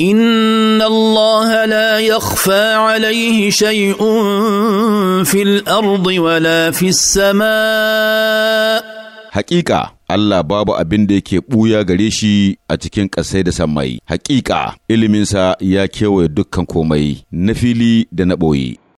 ان الله لا يخفى عليه شيء في الارض ولا في السماء حقيقه Allah babu abin da yake ɓuya gare shi a cikin ƙasai da sammai. Hakika iliminsa ya kewaye dukkan komai na fili da na ɓoye.